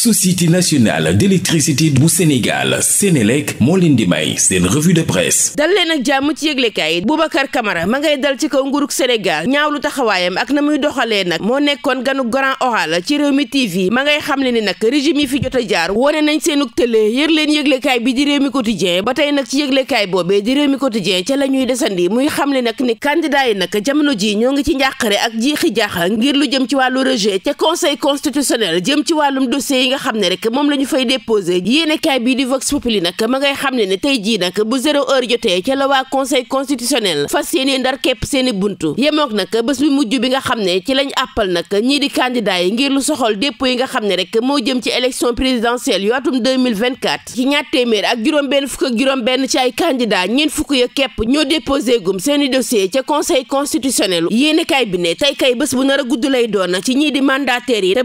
société nationale d'électricité bu Sénégal Sénélec moo leen di may seen revue de presse dal leen ak jàmm ci yëglekaay yi Boubacar ma ngay dal ci kaw nguurug Sénégal ñaaw lu taxawaayam ak na muy doxalee nag moo nekkoon ganu grand oral ci réew mi TV ma ngay xam le ni nag régime yi fi jot a jaar wone nañ seenug tële yër leen yëglekaay bi di réew mi quotidien ba tey nag ci yëglekaay boobee di réew mi quotidien ca la ñuy desandi muy xam le nag ni candidat yi nag jamono ji ñoo ngi ci njàqare ak jiixi jaaxa ngir lu jëm ci wàllu rejet ca conseil constitutionnel jëm ci nga xam ne rek moom la ñu fay déposé yéenekaay bi di Vox Populi nag ma ngay xam ne ne tey jii nag bu zéro heure jotee ca la waa conseil constitutionnel fas yéene ndar képp seeni buntu yemook nag bés bi mujj bi nga xam ne ci lañ àppal nag ñii di candidat yi ngir lu soxol dépôt yi nga xam ne rek moo jëm ci élection présidentielle yu atum 2024 ci ñaar téeméer ak juróom-benn fukk ak juróom-benn ci ay candidat ñeent fukk ya képp ñoo déposé gum seeni dossier ca conseil constitutionnel bi ne tey kay bés bu nar a gudd lay doon ci di mandataires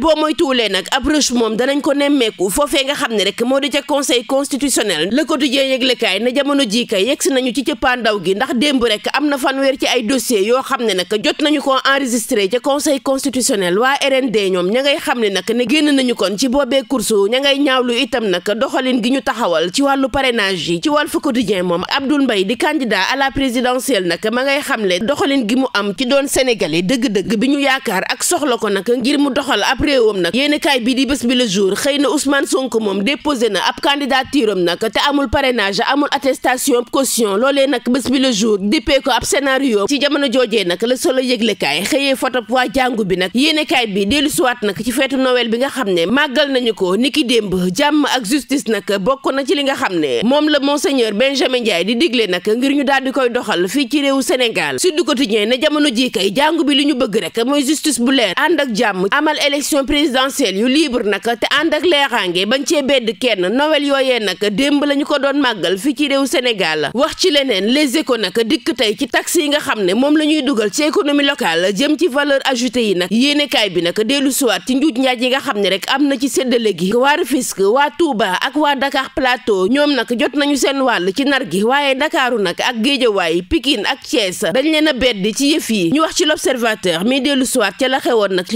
yi nañ ko nemmeeku nga xam ne rek moo di ca conseil constitutionnel le quotidien yëglekaay na jamono jii kay yegg si nañu ci cëppaandaw gi ndax démb na fanweer ci ay dossier yoo xam ne nag jot nañu ko enregistré ca conseil constitutionnel waa ñoom ña ngay xam ne nag ne génn nañu kon ci boobee kursu ña ngay ñaawlu itam nag doxalin gi ñu taxawal ci wàllu parrainage yi ci Walf Quotidien moom Abdoul Mbaye di candidat à la présidentielle nag ma ngay xamle doxalin gi mu am ci doon sénégalais dëgg-dëgg bi ñu yaakaar ak soxla ko nag ngir mu doxal ab réewam nag yéenekaay bi di bés bi la jour Ndour xëy na Ousmane Sonko moom déposé na ab candidature am nag te amul parrainage amul attestation caution loolee nag bés bi le jour dippee ko ab scénario ci jamono joojee la solo yëglekaay xëyee foto waa jàngu bi nag yéenekaay bi dellu siwaat nag ci feetu Noël bi nga xam ne màggal nañu ko niki démb jàmm ak justice nag bokk na ci li nga xam ne moom la monseigneur Benjamin Ndiaye di digle nag ngir ñu daal di koy doxal fii ci réew Sénégal Sud Quotidien ne jamono jii kay jàngu bi li ñu bëgg rek mooy justice bu leer ànd ak jàmm amal élection présidentielle yu libre nag te ànd ak leeraange bañ cee bedd kenn Noël yooyee nag démb la ñu ko doon màggal fii ci réew Sénégal wax ci leneen les éco nag dikk tey ci taxe yi nga xam ne moom la ñuy dugal ci économie locale jëm ci valeur ajoutée yi nag yéenekaay bi nag dellu siwaat ci njuuj njaaj yi nga xam ne rek am na ci séddale gi waa Rufisque waa Touba ak waa Dakar Plateau ñoom nag jot nañu seen wàll ci nar gi waaye Ndakaaru nag ak Géejawaay Pikine ak Thiès dañ leen a bedd ci yëf yi ñu wax ci l'observateur mi dellu siwaat ca la xewoon nag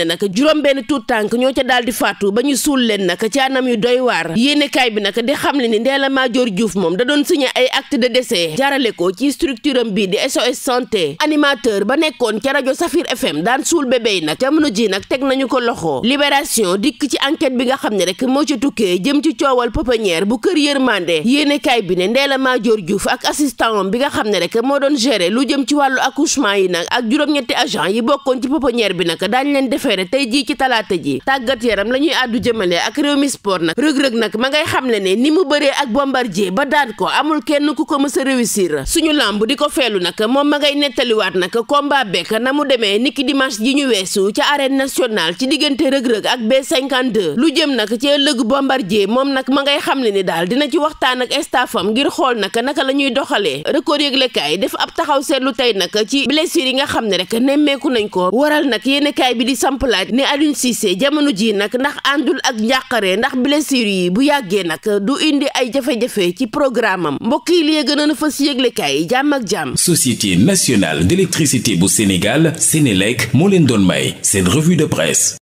ne nag juróom benn tuut tànk ñoo ca daal di faatu ba ñu suul leen nag ci anam yu doy waar yéenekaay bi nag di xamle ni Ndella joor Diouf moom da doon signé ay acte de dese jarale ko ci structure am bii di SOS santé animateur ba nekkoon ca rajo Safir FM daan suul bébé yi nag jamono ji nag teg nañu ko loxo libération dikk ci enquête bi nga xam ne rek moo ci tukkee jëm ci coowal pépinière bu kër yërmande yéenekaay bi ne Ndella joor Diouf ak assistant bi nga xam ne rek moo doon gérer lu jëm ci wàllu accouchement yi nag ak juróom-ñetti yi bokkoon ci pépinière defee ne tey jii ci talaata ji tàggat yaram la ñuy àddu jëmale ak réew mi sport nag rëg-rëg nag ma ngay xam le ne ni mu bëree ak bombardier ba daan ko amul kenn ku ko mës a réussir suñu làmb di ko feelu nag moom ma ngay nettaliwaat nag komba bekk na mu demee niki dimanche ji ñu weesu ca arène nationale ci diggante rëg-rëg ak B52 lu jëm nag ci ëllëgu bombardier moom nag ma ngay xam le ni daal dina ci waxtaan ak staffam ngir xool naka naka la ñuy doxalee record yëglekaay def ab taxaw seetlu tey nag ci blessure yi nga xam samp laaj ne Aliou jamono ji nag ndax àndul ak njàqare ndax blessure yi bu yàggee nag du indi ay jafe-jafe ci programme am mbokk yi li gën a fës yëglekaay jàmm ak jàmm. Société nationale d'électricité bu Sénégal Sénélec moo leen doon may seen revue de presse.